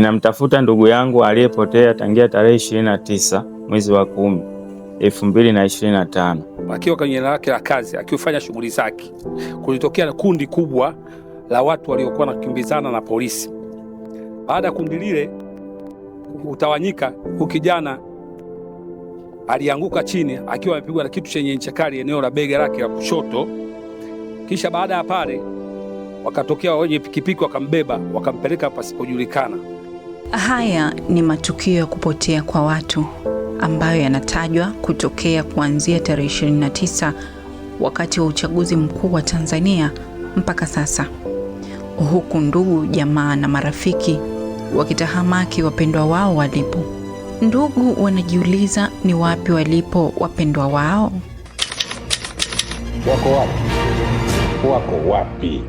Ninamtafuta ndugu yangu aliyepotea tangia tarehe 29 mwezi wa kumi elfu mbili na ishirini na tano akiwa kwenye eneo lake la kazi akifanya shughuli zake, kulitokea kundi kubwa la watu waliokuwa nakimbizana na polisi. Baada ya kundi lile kutawanyika, huyu kijana alianguka chini akiwa amepigwa na kitu chenye ncha kali eneo la bega lake la kushoto. Kisha baada ya pale wakatokea wenye pikipiki wakambeba wakampeleka pasipojulikana. Haya ni matukio ya kupotea kwa watu ambayo yanatajwa kutokea kuanzia tarehe 29 wakati wa uchaguzi mkuu wa Tanzania mpaka sasa, huku ndugu jamaa na marafiki wakitahamaki wapendwa wao walipo. Ndugu wanajiuliza ni wapi walipo wapendwa wao. Wako wapi? Wako wapi?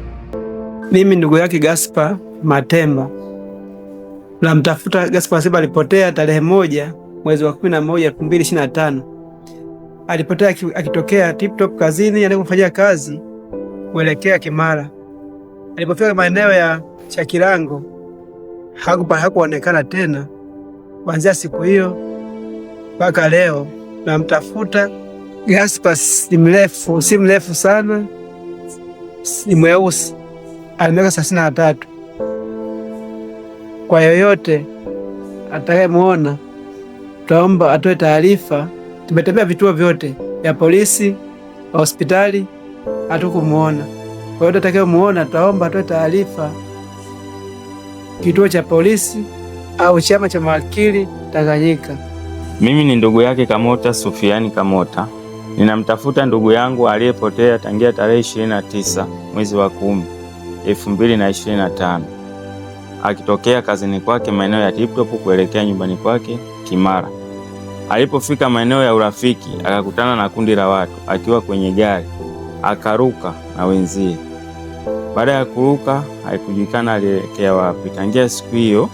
Mimi ndugu yake Gaspar Matemba la mtafuta Gaspar Msiba alipotea tarehe moja mwezi wa 11 tano Alipotea akitokea Tiptop kazini alipofanyia kazi kuelekea Kimara. Alipofika maeneo ya Chakilango hakuonekana tena. Kuanzia siku hiyo mpaka leo namtafuta Gaspar, si mrefu si mrefu sana, ni mweusi, ana miaka thelathini na tatu kwa yoyote atakayemuona, tutaomba atoe taarifa. Tumetembea vituo vyote vya polisi, hospitali, hatukumuona. Kwa yoyote atakayemuona, tutaomba atoe taarifa kituo cha polisi au chama cha mawakili Tanganyika. Mimi ni ndugu yake Kamota Sufiani Kamota. Ninamtafuta ndugu yangu aliyepotea tangia tarehe 29 mwezi wa kumi 2025 akitokea kazini kwake maeneo ya Tiptop kuelekea nyumbani kwake Kimara. Alipofika maeneo ya Urafiki akakutana na kundi la watu akiwa kwenye gari, akaruka na wenzie. Baada ya kuruka haikujulikana alielekea wapi. Tangia siku hiyo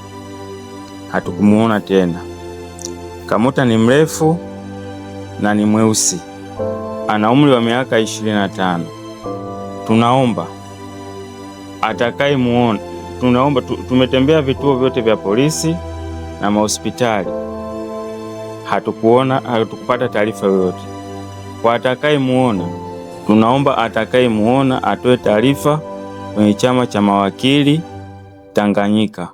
hatukumuona tena. Kamota ni mrefu na ni mweusi, ana umri wa miaka ishirini na tano. Tunaomba atakayemuona tunaomba tumetembea vituo vyote vya polisi na mahospitali, hatukuona hatukupata taarifa yoyote. Kwa atakayemuona, tunaomba atakayemuona atoe taarifa kwenye chama cha mawakili Tanganyika.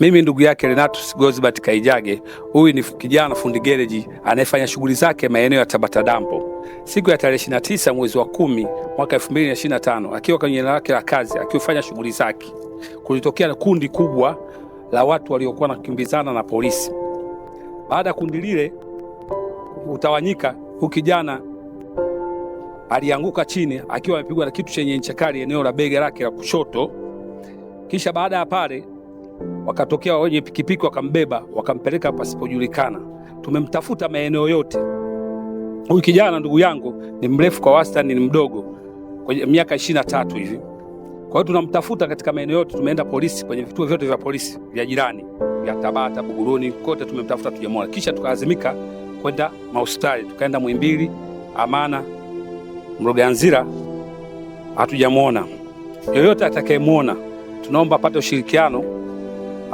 Mimi ndugu yake Renatus Gozbert Kaijage, huyu ni kijana fundi gereji anayefanya shughuli zake maeneo ya Tabata dampo. Siku ya tarehe 29 mwezi wa kumi mwaka 2025 akiwa kwenye eneo lake la kazi akifanya shughuli zake kulitokea kundi kubwa la watu waliokuwa nakimbizana na polisi. Baada ya kundi lile utawanyika, huyu kijana alianguka chini akiwa amepigwa na kitu chenye ncha kali eneo la bega lake la kushoto. Kisha baada ya pale wakatokea wenye pikipiki wakambeba, wakampeleka pasipojulikana. Tumemtafuta maeneo yote. Huyu kijana ndugu yangu ni mrefu kwa wastani, ni mdogo kwenye miaka ishirini na tatu hivi. Kwa hiyo tunamtafuta katika maeneo yote, tumeenda polisi kwenye vituo vyote vya polisi vya jirani vya Tabata, Buguruni, kote tumemtafuta tujamwona. Kisha tukalazimika kwenda mahospitali, tukaenda Mwimbili, Amana, Mloganzira, hatujamwona yoyote. Atakayemwona tunaomba apate ushirikiano,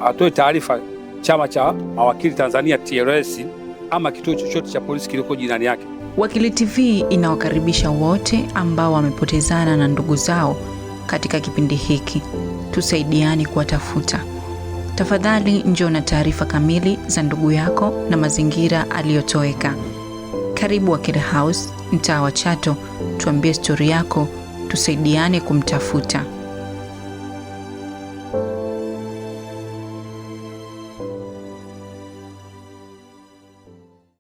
atoe taarifa chama cha mawakili Tanzania TLS, ama kituo chochote cha polisi kiliko jirani yake. Wakili TV inawakaribisha wote ambao wamepotezana na ndugu zao katika kipindi hiki, tusaidiane kuwatafuta. Tafadhali njoo na taarifa kamili za ndugu yako na mazingira aliyotoweka. Karibu Wakili House, mtaa wa Chato. Tuambie stori yako, tusaidiane kumtafuta.